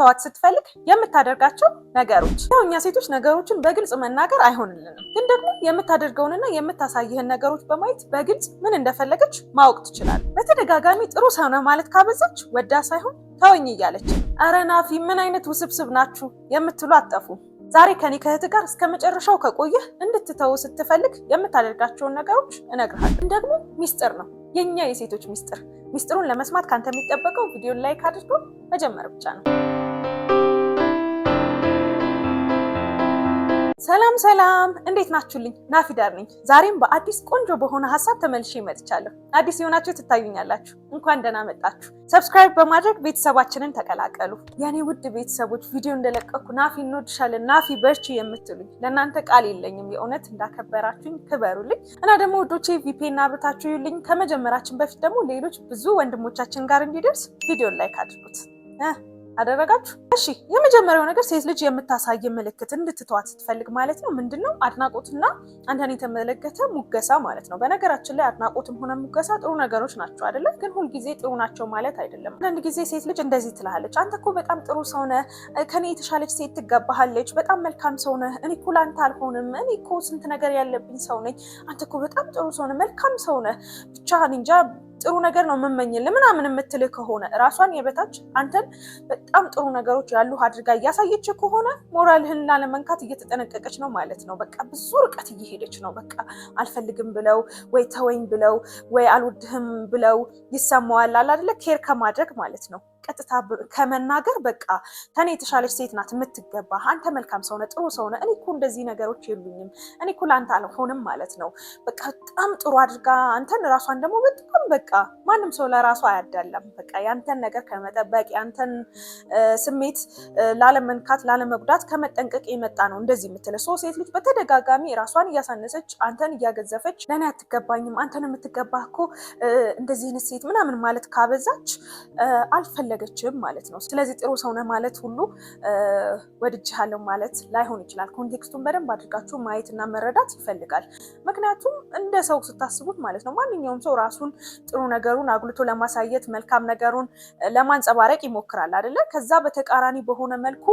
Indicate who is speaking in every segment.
Speaker 1: ልተዋት ስትፈልግ የምታደርጋቸው ነገሮች ያው እኛ ሴቶች ነገሮችን በግልጽ መናገር አይሆንልንም፣ ግን ደግሞ የምታደርገውንና የምታሳይህን ነገሮች በማየት በግልጽ ምን እንደፈለገች ማወቅ ትችላል። በተደጋጋሚ ጥሩ ሰው ማለት ካበዛች ወዳ ሳይሆን ተወኝ እያለች እረ ናፊ ምን አይነት ውስብስብ ናችሁ የምትሉ አጠፉ። ዛሬ ከኔ ከእህት ጋር እስከ መጨረሻው ከቆየህ እንድትተው ስትፈልግ የምታደርጋቸውን ነገሮች እነግርሃለሁ። ደግሞ ሚስጥር ነው የእኛ የሴቶች ሚስጥር። ሚስጥሩን ለመስማት ካንተ የሚጠበቀው ቪዲዮን ላይክ አድርጎ መጀመር ብቻ ነው። ሰላም ሰላም፣ እንዴት ናችሁልኝ? ናፊዳር ነኝ። ዛሬም በአዲስ ቆንጆ በሆነ ሀሳብ ተመልሼ መጥቻለሁ። አዲስ የሆናችሁ ትታዩኛላችሁ፣ እንኳን ደህና መጣችሁ። ሰብስክራይብ በማድረግ ቤተሰባችንን ተቀላቀሉ። የኔ ውድ ቤተሰቦች፣ ቪዲዮ እንደለቀኩ ናፊ እንወድሻለን፣ ናፊ በርቺ የምትሉኝ ለእናንተ ቃል የለኝም። የእውነት እንዳከበራችሁኝ ክበሩልኝ እና ደግሞ ውዶቼ ቪፔን አብርታችሁ ይልኝ። ከመጀመራችን በፊት ደግሞ ሌሎች ብዙ ወንድሞቻችን ጋር እንዲደርስ ቪዲዮን ላይክ አድርጉት። አደረጋችሁ። እሺ፣ የመጀመሪያው ነገር ሴት ልጅ የምታሳይ ምልክት እንድትተዋት ስትፈልግ ማለት ነው ምንድን ነው? አድናቆትና አንተን የተመለከተ ሙገሳ ማለት ነው። በነገራችን ላይ አድናቆትም ሆነ ሙገሳ ጥሩ ነገሮች ናቸው አይደለም? ግን ሁልጊዜ ጥሩ ናቸው ማለት አይደለም። አንዳንድ ጊዜ ሴት ልጅ እንደዚህ ትልሃለች፣ አንተ እኮ በጣም ጥሩ ሰው ነህ፣ ከኔ የተሻለች ሴት ትገባሃለች፣ በጣም መልካም ሰው ነህ፣ እኔ እኮ ላንተ አልሆንም፣ እኔ እኮ ስንት ነገር ያለብኝ ሰው ነኝ፣ አንተ እኮ በጣም ጥሩ ሰው ነህ፣ መልካም ሰው ነህ፣ ብቻ እንጃ ጥሩ ነገር ነው የምመኝል ምናምን የምትል ከሆነ ራሷን የበታች አንተን በጣም ጥሩ ነገሮች ያሉ አድርጋ እያሳየች ከሆነ ሞራልህን ላለመንካት እየተጠነቀቀች ነው ማለት ነው። በቃ ብዙ ርቀት እየሄደች ነው። በቃ አልፈልግም ብለው ወይ ተወኝ ብለው ወይ አልወድህም ብለው ይሰማዋል አይደለ? ኬር ከማድረግ ማለት ነው። ቀጥታ ከመናገር በቃ ከኔ የተሻለች ሴት ናት የምትገባ፣ አንተ መልካም ሰውነ፣ ጥሩ ሰውነ፣ እኔ እኮ እንደዚህ ነገሮች የሉኝም፣ እኔ እኮ ለአንተ አልሆንም ማለት ነው። በቃ በጣም ጥሩ አድርጋ አንተን ራሷን ደግሞ በጣም በቃ ማንም ሰው ለራሱ አያዳለም። በቃ ያንተን ነገር ከመጠበቅ ያንተን ስሜት ላለመንካት፣ ላለመጉዳት ከመጠንቀቅ የመጣ ነው እንደዚህ የምትለ ሶ ሴት ልጅ በተደጋጋሚ ራሷን እያሳነሰች አንተን እያገዘፈች ለእኔ አትገባኝም፣ አንተን የምትገባ እኮ እንደዚህ አይነት ሴት ምናምን ማለት ካበዛች አልፈል አልፈለገችም ማለት ነው። ስለዚህ ጥሩ ሰው ነህ ማለት ሁሉ ወድጄሃለሁ ማለት ላይሆን ይችላል። ኮንቴክስቱን በደንብ አድርጋችሁ ማየትና መረዳት ይፈልጋል። ምክንያቱም እንደ ሰው ስታስቡት ማለት ነው ማንኛውም ሰው ራሱን ጥሩ ነገሩን አጉልቶ ለማሳየት መልካም ነገሩን ለማንጸባረቅ ይሞክራል አይደለ? ከዛ በተቃራኒ በሆነ መልኩ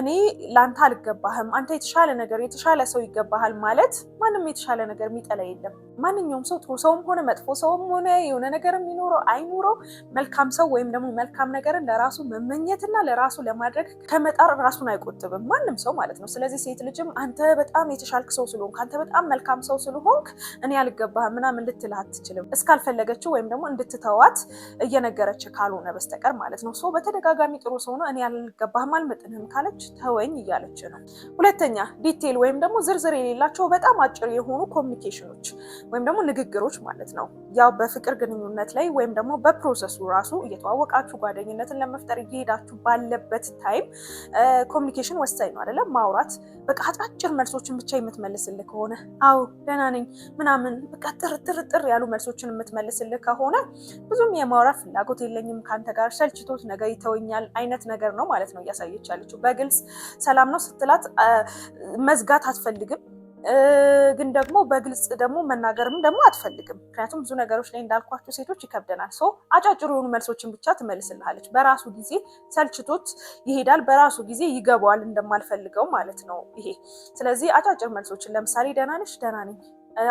Speaker 1: እኔ ላንተ አልገባህም፣ አንተ የተሻለ ነገር የተሻለ ሰው ይገባሃል ማለት ማንም የተሻለ ነገር የሚጠላ የለም። ማንኛውም ሰው ጥሩ ሰውም ሆነ መጥፎ ሰውም ሆነ የሆነ ነገር የሚኖረው አይኖረው መልካም ሰው ወይም ደግሞ መልካም ነገር ነገርን ለራሱ መመኘትና ለራሱ ለማድረግ ከመጣር ራሱን አይቆጥብም ማንም ሰው ማለት ነው። ስለዚህ ሴት ልጅም አንተ በጣም የተሻልክ ሰው ስለሆንክ፣ አንተ በጣም መልካም ሰው ስለሆንክ እኔ አልገባህም ምናምን ልትልህ አትችልም፣ እስካልፈለገችው ወይም ደግሞ እንድትተዋት እየነገረች ካልሆነ በስተቀር ማለት ነው። ሰው በተደጋጋሚ ጥሩ ሰው ነው እኔ አልገባህም አልመጥንህም ካለች ተወኝ እያለች ነው። ሁለተኛ ዲቴል ወይም ደግሞ ዝርዝር የሌላቸው በጣም አጭር የሆኑ ኮሚኒኬሽኖች ወይም ደግሞ ንግግሮች ማለት ነው። ያው በፍቅር ግንኙነት ላይ ወይም ደግሞ በፕሮሰሱ ራሱ እየተዋወቃችሁ ጓደኝ ግንኙነትን ለመፍጠር እየሄዳችሁ ባለበት ታይም ኮሚኒኬሽን ወሳኝ ነው አይደለም? ማውራት በቃ አጫጭር መልሶችን ብቻ የምትመልስልህ ከሆነ አው ደህና ነኝ ምናምን በቃ ጥርጥርጥር ያሉ መልሶችን የምትመልስልህ ከሆነ ብዙም የማውራት ፍላጎት የለኝም ከአንተ ጋር ሰልችቶት ነገር ይተወኛል አይነት ነገር ነው ማለት ነው እያሳየች ያለችው። በግልጽ ሰላም ነው ስትላት መዝጋት አትፈልግም ግን ደግሞ በግልጽ ደግሞ መናገርም ደግሞ አትፈልግም። ምክንያቱም ብዙ ነገሮች ላይ እንዳልኳቸው ሴቶች ይከብደናል። ሰው አጫጭር የሆኑ መልሶችን ብቻ ትመልስልሃለች። በራሱ ጊዜ ሰልችቶት ይሄዳል። በራሱ ጊዜ ይገባዋል እንደማልፈልገው ማለት ነው ይሄ። ስለዚህ አጫጭር መልሶችን ለምሳሌ ደህና ነሽ፣ ደህና ነኝ፣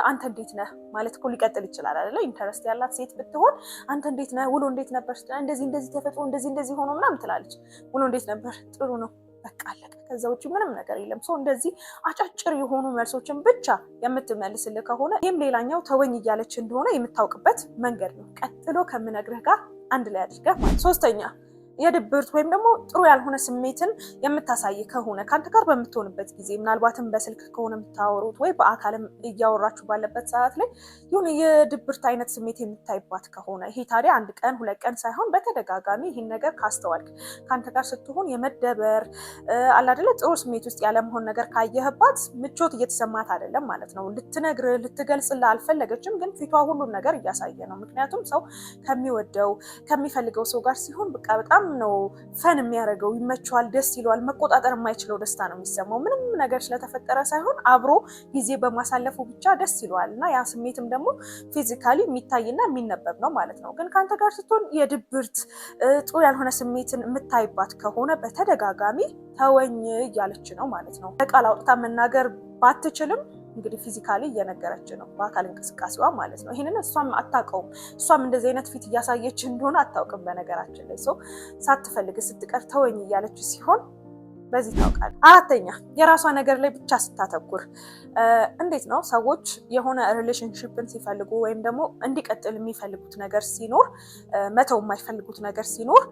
Speaker 1: አንተ እንዴት ነህ ማለት እኮ ሊቀጥል ይችላል አይደለ? ኢንተረስት ያላት ሴት ብትሆን አንተ እንዴት ነህ፣ ውሎ እንዴት ነበር፣ እንደዚህ እንደዚህ ተፈጥሮ እንደዚህ እንደዚህ ሆኖ ምናምን ትላለች። ውሎ እንዴት ነበር፣ ጥሩ ነው በቃ አለቀ። ከዛ ውጭ ምንም ነገር የለም። ሰው እንደዚህ አጫጭር የሆኑ መልሶችን ብቻ የምትመልስልህ ከሆነ ይህም ሌላኛው ተወኝ እያለች እንደሆነ የምታውቅበት መንገድ ነው። ቀጥሎ ከምነግርህ ጋር አንድ ላይ አድርገህ ሶስተኛ የድብርት ወይም ደግሞ ጥሩ ያልሆነ ስሜትን የምታሳይ ከሆነ ከአንተ ጋር በምትሆንበት ጊዜ ምናልባትም በስልክ ከሆነ የምታወሩት ወይ በአካልም እያወራችሁ ባለበት ሰዓት ላይ ይሁን የድብርት አይነት ስሜት የምታይባት ከሆነ ይሄ ታዲያ አንድ ቀን ሁለት ቀን ሳይሆን በተደጋጋሚ ይህን ነገር ካስተዋልክ ከአንተ ጋር ስትሆን የመደበር አላደለ ጥሩ ስሜት ውስጥ ያለመሆን ነገር ካየህባት ምቾት እየተሰማት አይደለም ማለት ነው። ልትነግርህ ልትገልጽልህ አልፈለገችም፣ ግን ፊቷ ሁሉን ነገር እያሳየ ነው። ምክንያቱም ሰው ከሚወደው ከሚፈልገው ሰው ጋር ሲሆን በቃ በጣም በጣም ነው ፈን የሚያደርገው። ይመቸዋል፣ ደስ ይለዋል። መቆጣጠር የማይችለው ደስታ ነው የሚሰማው። ምንም ነገር ስለተፈጠረ ሳይሆን አብሮ ጊዜ በማሳለፉ ብቻ ደስ ይለዋል እና ያ ስሜትም ደግሞ ፊዚካሊ የሚታይና የሚነበብ ነው ማለት ነው። ግን ከአንተ ጋር ስትሆን የድብርት ጥሩ ያልሆነ ስሜትን የምታይባት ከሆነ በተደጋጋሚ ተወኝ እያለች ነው ማለት ነው። በቃል አውጥታ መናገር ባትችልም እንግዲህ ፊዚካሊ እየነገረች ነው፣ በአካል እንቅስቃሴዋ ማለት ነው። ይህንን እሷም አታውቀውም። እሷም እንደዚህ አይነት ፊት እያሳየች እንደሆነ አታውቅም። በነገራችን ላይ ሰው ሳትፈልግ ስትቀር ተወኝ እያለች ሲሆን በዚህ ታውቃል። አራተኛ የራሷ ነገር ላይ ብቻ ስታተኩር። እንዴት ነው ሰዎች የሆነ ሪሌሽንሽፕን ሲፈልጉ ወይም ደግሞ እንዲቀጥል የሚፈልጉት ነገር ሲኖር፣ መተው የማይፈልጉት ነገር ሲኖር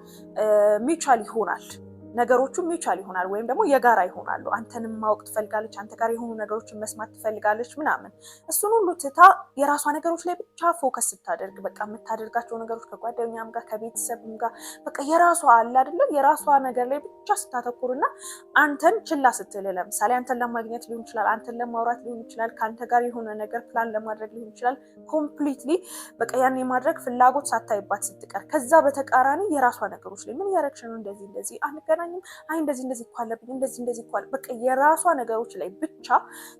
Speaker 1: ሚቻል ይሆናል ነገሮቹ ሚቻል ይሆናል ወይም ደግሞ የጋራ ይሆናሉ። አንተንም ማወቅ ትፈልጋለች፣ አንተ ጋር የሆኑ ነገሮችን መስማት ትፈልጋለች ምናምን። እሱን ሁሉ ትታ የራሷ ነገሮች ላይ ብቻ ፎከስ ስታደርግ በቃ የምታደርጋቸው ነገሮች ከጓደኛም ጋር ከቤተሰብም ጋር በቃ የራሷ አለ አይደለም የራሷ ነገር ላይ ብቻ ስታተኩርና አንተን ችላ ስትል፣ ለምሳሌ አንተን ለማግኘት ሊሆን ይችላል፣ አንተን ለማውራት ሊሆን ይችላል፣ ከአንተ ጋር የሆነ ነገር ፕላን ለማድረግ ሊሆን ይችላል። ኮምፕሊትሊ በቃ ያን የማድረግ ፍላጎት ሳታይባት ስትቀር፣ ከዛ በተቃራኒ የራሷ ነገሮች ላይ ምን እያደረግሽ ነው እንደዚህ እንደዚህ አንገና አልገናኝም፣ አይ እንደዚህ እንደዚህ እኮ አለብኝ፣ እንደዚህ እንደዚህ እኮ አለ። በቃ የራሷ ነገሮች ላይ ብቻ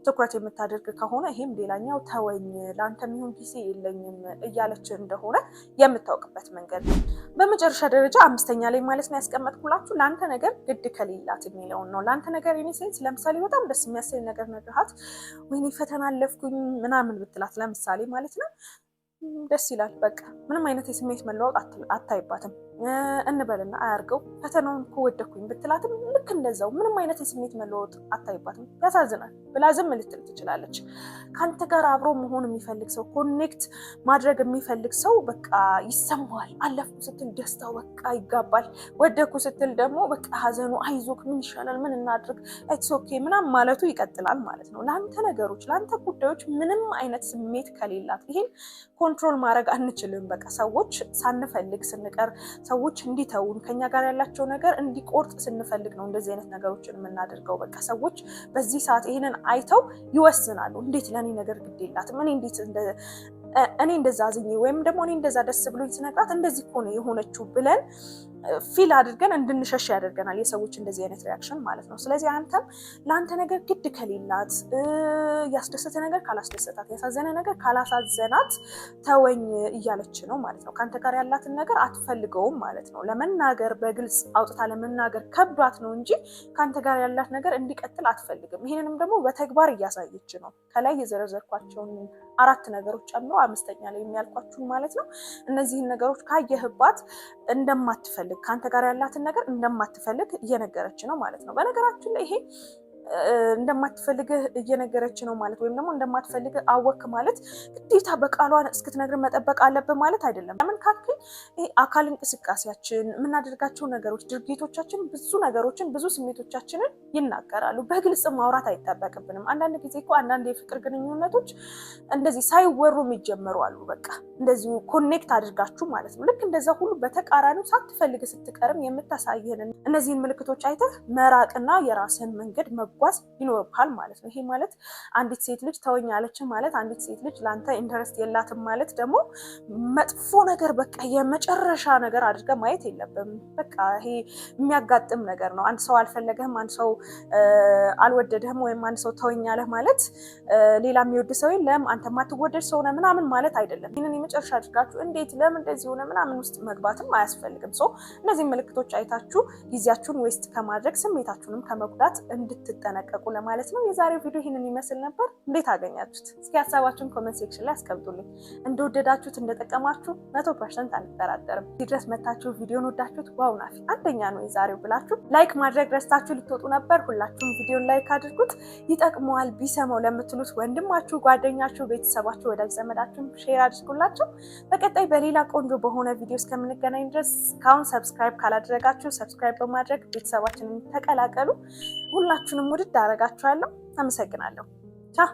Speaker 1: ትኩረት የምታደርግ ከሆነ ይሄም ሌላኛው ተወኝ፣ ለአንተ የሚሆን ጊዜ የለኝም እያለች እንደሆነ የምታውቅበት መንገድ ነው። በመጨረሻ ደረጃ አምስተኛ ላይ ማለት ነው ያስቀመጥኩላችሁ ለአንተ ነገር ግድ ከሌላት የሚለውን ነው። ለአንተ ነገር የኔ ሴንስ ለምሳሌ በጣም ደስ የሚያሰኝ ነገር ነግርሃት፣ ወይኔ ፈተና አለፍኩኝ ምናምን ብትላት ለምሳሌ ማለት ነው ደስ ይላል። በቃ ምንም አይነት የስሜት መለዋወጥ አታይባትም። እንበልና አያርገው ፈተናውን ከወደኩኝ ብትላትም ልክ እንደዛው ምንም አይነት የስሜት መለወጥ አታይባትም። ያሳዝናል ብላ ዝም ልትል ትችላለች። ከአንተ ጋር አብሮ መሆን የሚፈልግ ሰው፣ ኮኔክት ማድረግ የሚፈልግ ሰው በቃ ይሰማዋል። አለፍኩ ስትል ደስታው በቃ ይጋባል። ወደኩ ስትል ደግሞ በቃ ሀዘኑ አይዞክ፣ ምን ይሻላል፣ ምን እናድርግ፣ ኢትስ ኦኬ ምናምን ማለቱ ይቀጥላል ማለት ነው። ለአንተ ነገሮች፣ ለአንተ ጉዳዮች ምንም አይነት ስሜት ከሌላት ይህን ኮንትሮል ማድረግ አንችልም። በቃ ሰዎች ሳንፈልግ ስንቀር ሰዎች እንዲተውን ከኛ ጋር ያላቸው ነገር እንዲቆርጥ ስንፈልግ ነው እንደዚህ አይነት ነገሮችን የምናደርገው። በቃ ሰዎች በዚህ ሰዓት ይህንን አይተው ይወስናሉ። እንዴት ለእኔ ነገር ግድ የላትም እኔ እንዴት እኔ እንደዛ አዝኜ ወይም ደግሞ እኔ እንደዛ ደስ ብሎኝ ስነግራት እንደዚህ እኮ ነው የሆነችው ብለን ፊል አድርገን እንድንሸሽ ያደርገናል። የሰዎች እንደዚህ አይነት ሪያክሽን ማለት ነው። ስለዚህ አንተም ለአንተ ነገር ግድ ከሌላት፣ ያስደሰተ ነገር ካላስደሰታት፣ ያሳዘነ ነገር ካላሳዘናት ተወኝ እያለች ነው ማለት ነው። ከአንተ ጋር ያላትን ነገር አትፈልገውም ማለት ነው። ለመናገር በግልጽ አውጥታ ለመናገር ከብዷት ነው እንጂ ከአንተ ጋር ያላት ነገር እንዲቀጥል አትፈልግም። ይህንንም ደግሞ በተግባር እያሳየች ነው። ከላይ የዘረዘርኳቸውን አራት ነገሮች ጨምሮ አምስተኛ ላይ የሚያልኳችሁን ማለት ነው። እነዚህን ነገሮች ካየህባት እንደማትፈልግ እንደማትፈልግ ከአንተ ጋር ያላትን ነገር እንደማትፈልግ እየነገረች ነው ማለት ነው። በነገራችን ላይ ይሄ እንደማትፈልግህ እየነገረች ነው ማለት ወይም ደግሞ እንደማትፈልግህ አወክ ማለት ግዴታ በቃሏን እስክትነግር መጠበቅ አለብህ ማለት አይደለም። ለምን ካልክኝ አካል እንቅስቃሴያችን፣ የምናደርጋቸው ነገሮች፣ ድርጊቶቻችን ብዙ ነገሮችን ብዙ ስሜቶቻችንን ይናገራሉ። በግልጽ ማውራት አይጠበቅብንም። አንዳንድ ጊዜ እኮ አንዳንድ የፍቅር ግንኙነቶች እንደዚህ ሳይወሩ የሚጀመሩ አሉ። በቃ እንደዚሁ ኮኔክት አድርጋችሁ ማለት ነው። ልክ እንደዛ ሁሉ በተቃራኒው ሳትፈልግ ስትቀርም የምታሳይህን እነዚህን ምልክቶች አይተህ መራቅና የራስህን መንገድ መ መጓዝ ይኖርብሃል ማለት ነው። ይሄ ማለት አንዲት ሴት ልጅ ተወኛለች ማለት አንዲት ሴት ልጅ ለአንተ ኢንተረስት የላትም ማለት ደግሞ መጥፎ ነገር በቃ የመጨረሻ ነገር አድርገ ማየት የለብም። በቃ ይሄ የሚያጋጥም ነገር ነው። አንድ ሰው አልፈለገህም፣ አንድ ሰው አልወደደህም፣ ወይም አንድ ሰው ተወኛለህ ማለት ሌላ የሚወድ ሰው የለም፣ አንተ ማትወደድ ሰው ነህ ምናምን ማለት አይደለም። ይህንን የመጨረሻ አድርጋችሁ እንዴት ለምን እንደዚህ ሆነ ምናምን ውስጥ መግባትም አያስፈልግም። ሰው እነዚህ ምልክቶች አይታችሁ ጊዜያችሁን ዌስት ከማድረግ ስሜታችሁንም ከመጉዳት እንድትጠ ተጠነቀቁ ለማለት ነው። የዛሬው ቪዲዮ ይህንን ይመስል ነበር። እንዴት አገኛችሁት? እስኪ ሀሳባችሁን ኮመንት ሴክሽን ላይ አስቀምጡልኝ። እንደወደዳችሁት እንደጠቀማችሁ መቶ ፐርሰንት አንጠራጠርም። ድረስ መታችሁ ቪዲዮን ወዳችሁት ዋው ናፊ አንደኛ ነው የዛሬው ብላችሁ ላይክ ማድረግ ረስታችሁ ልትወጡ ነበር። ሁላችሁም ቪዲዮን ላይክ አድርጉት። ይጠቅመዋል ቢሰማው ለምትሉት ወንድማችሁ፣ ጓደኛችሁ፣ ቤተሰባችሁ፣ ወዳጅ ዘመዳችሁም ሼር አድርጉላቸው። በቀጣይ በሌላ ቆንጆ በሆነ ቪዲዮ እስከምንገናኝ ድረስ እስካሁን ሰብስክራይብ ካላደረጋችሁ ሰብስክራይብ በማድረግ ቤተሰባችንን ተቀላቀሉ። ሁላችሁንም ውድድ አደርጋችኋለሁ። አመሰግናለሁ። ቻ